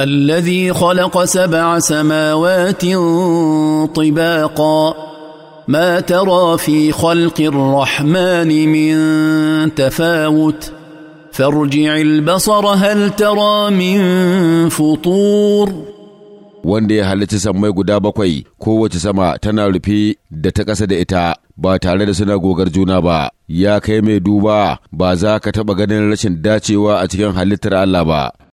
الذي خلق سبع سماوات طباقا ما ترى في خلق الرحمن من تفاوت فارجع البصر هل ترى من فطور wanda ya halarci sammai guda bakwai kowace sama tana rufe da ta ƙasa da ita ba tare da suna gogar juna ba ya kai mai duba ba za ka taɓa ganin rashin dacewa a cikin halittar Allah ba